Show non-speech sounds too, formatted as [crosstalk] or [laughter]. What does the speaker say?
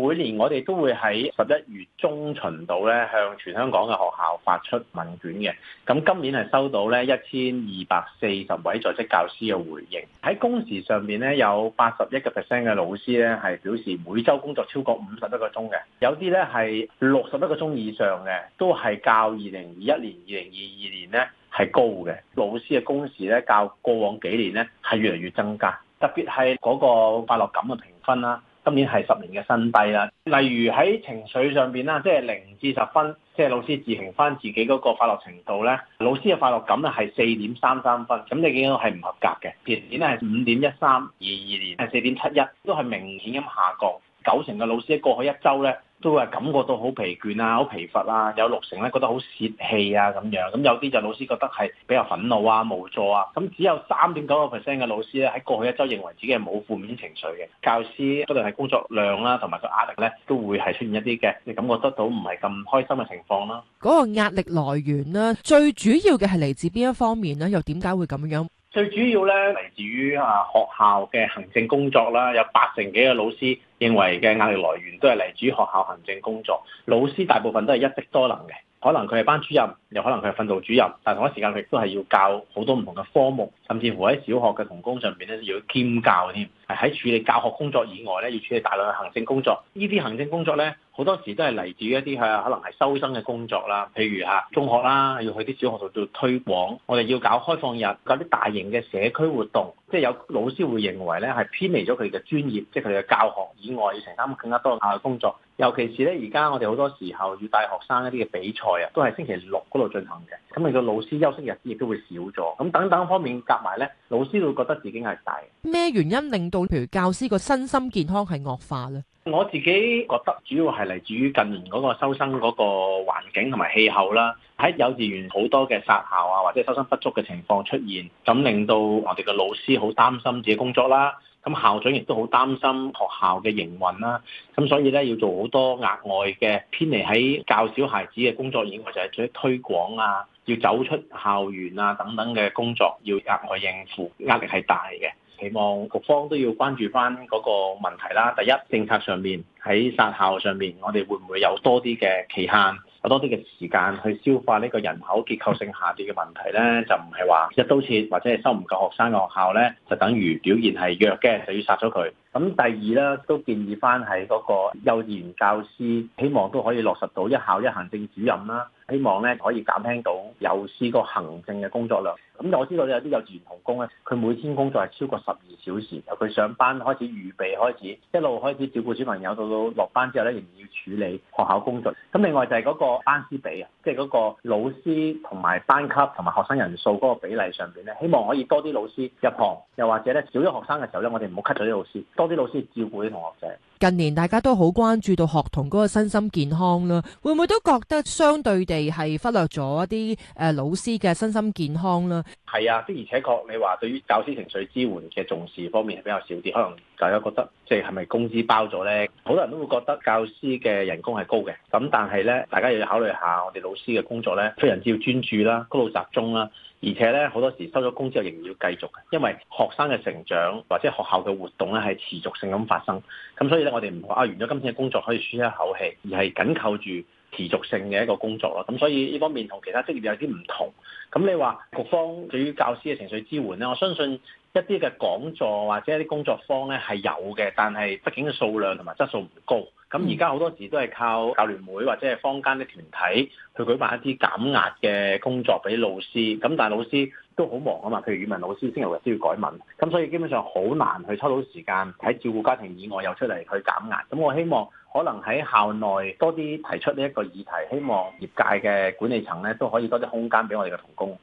每年我哋都會喺十一月中旬度咧，向全香港嘅學校發出問卷嘅。咁今年係收到咧一千二百四十位在職教師嘅回應。喺工時上面咧，有八十一個 percent 嘅老師咧係表示每週工作超過五十一個鐘嘅，有啲咧係六十一個鐘以上嘅，都係較二零二一年、二零二二年咧係高嘅。老師嘅工時咧，較過往幾年咧係越嚟越增加，特別係嗰個快樂感嘅評分啦、啊。今年係十年嘅新低啦。例如喺情緒上邊啦，即係零至十分，即係老師自評翻自己嗰個快樂程度咧。老師嘅快樂感咧係四點三三分，咁你見到係唔合格嘅。前年咧係五點一三，二二年係四點七一，都係明顯咁下降。九成嘅老師過去一週咧。都係感覺到好疲倦啊，好疲乏啊，有六成咧覺得好泄氣啊咁樣，咁有啲就老師覺得係比較憤怒啊、無助啊，咁只有三點九個 percent 嘅老師咧喺過去一周認為自己係冇負面情緒嘅。教師不但係工作量啦，同埋個壓力咧都會係出現一啲嘅，你感覺得到唔係咁開心嘅情況啦。嗰個壓力來源咧，最主要嘅係嚟自邊一方面咧？又點解會咁樣？最主要咧，嚟自於啊學校嘅行政工作啦，有八成幾嘅老師認為嘅壓力來源都係嚟自於學校行政工作。老師大部分都係一職多能嘅，可能佢係班主任，又可能佢係訓導主任，但係同一時間佢亦都係要教好多唔同嘅科目，甚至乎喺小學嘅同工上邊咧要兼教添。係喺處理教學工作以外咧，要處理大量嘅行政工作。呢啲行政工作咧，好多時都係嚟自於一啲係可能係收生嘅工作啦。譬如嚇中學啦，要去啲小學度做推廣，我哋要搞開放日，搞啲大型嘅社區活動。即係有老師會認為咧，係偏離咗佢哋嘅專業，即係佢哋嘅教學以外，要承擔更加多嘅工作。尤其是咧，而家我哋好多時候要帶學生一啲嘅比賽啊，都係星期六嗰度進行嘅。咁令到老師休息日子亦都會少咗。咁等等方面夾埋咧，老師會覺得自己係大咩原因令到？譬如教師個身心健康係惡化啦，我自己覺得主要係嚟自於近年嗰個收生嗰個環境同埋氣候啦，喺幼稚園好多嘅殺校啊，或者收生不足嘅情況出現，咁令到我哋嘅老師好擔心自己工作啦，咁校長亦都好擔心學校嘅營運啦，咁所以咧，要做好多額外嘅偏離喺教小孩子嘅工作以外，就係做啲推廣啊，要走出校園啊等等嘅工作，要額外應付，壓力係大嘅。期望局方都要關注翻嗰個問題啦。第一，政策上面喺殺校上面，我哋會唔會有多啲嘅期限，有多啲嘅時間去消化呢個人口結構性下跌嘅問題呢？就唔係話一刀切，或者係收唔夠學生嘅學校呢，就等於表現係弱嘅，就要殺咗佢。咁第二咧，都建議翻係嗰個幼稚園教師，希望都可以落實到一校一行政主任啦。希望咧可以減輕到幼師個行政嘅工作量。咁我知道有啲幼稚園同工咧，佢每天工作係超過十二小時，由佢上班開始預備，開始一路開始照顧小朋友，到到落班之後咧仍然要處理學校工作。咁另外就係嗰個班師比啊，即係嗰個老師同埋班級同埋學生人數嗰個比例上邊咧，希望可以多啲老師入行，又或者咧少咗學生嘅時候咧，我哋唔好 cut 咗啲老師。多啲老師照顧啲同學仔。近年大家都好關注到學童嗰個身心健康啦，會唔會都覺得相對地係忽略咗一啲誒、呃、老師嘅身心健康啦？係啊，的而且確你話對於教師情緒支援嘅重視方面係比較少啲，可能大家覺得即係係咪工資包咗呢？好多人都會覺得教師嘅人工係高嘅，咁但係呢，大家又要考慮下我哋老師嘅工作呢，非常之要專注啦、高度集中啦，而且呢，好多時收咗工之後仍然要繼續，因為學生嘅成長或者學校嘅活動呢係持續性咁發生，咁所以，我哋唔係話完咗今天嘅工作可以舒一口氣，而係緊扣住持續性嘅一個工作咯。咁所以呢方面同其他職業有啲唔同。咁你話局方對於教師嘅情緒支援咧，我相信。 [music] 一啲嘅講座或者一啲工作坊咧係有嘅，但係畢竟嘅數量同埋質素唔高。咁而家好多時都係靠教聯會或者係坊間嘅團體去舉辦一啲減壓嘅工作俾老師。咁但係老師都好忙啊嘛，譬如語文老師星期六都要改文，咁所以基本上好難去抽到時間喺照顧家庭以外又出嚟去減壓。咁我希望可能喺校內多啲提出呢一個議題，希望業界嘅管理層咧都可以多啲空間俾我哋嘅同工。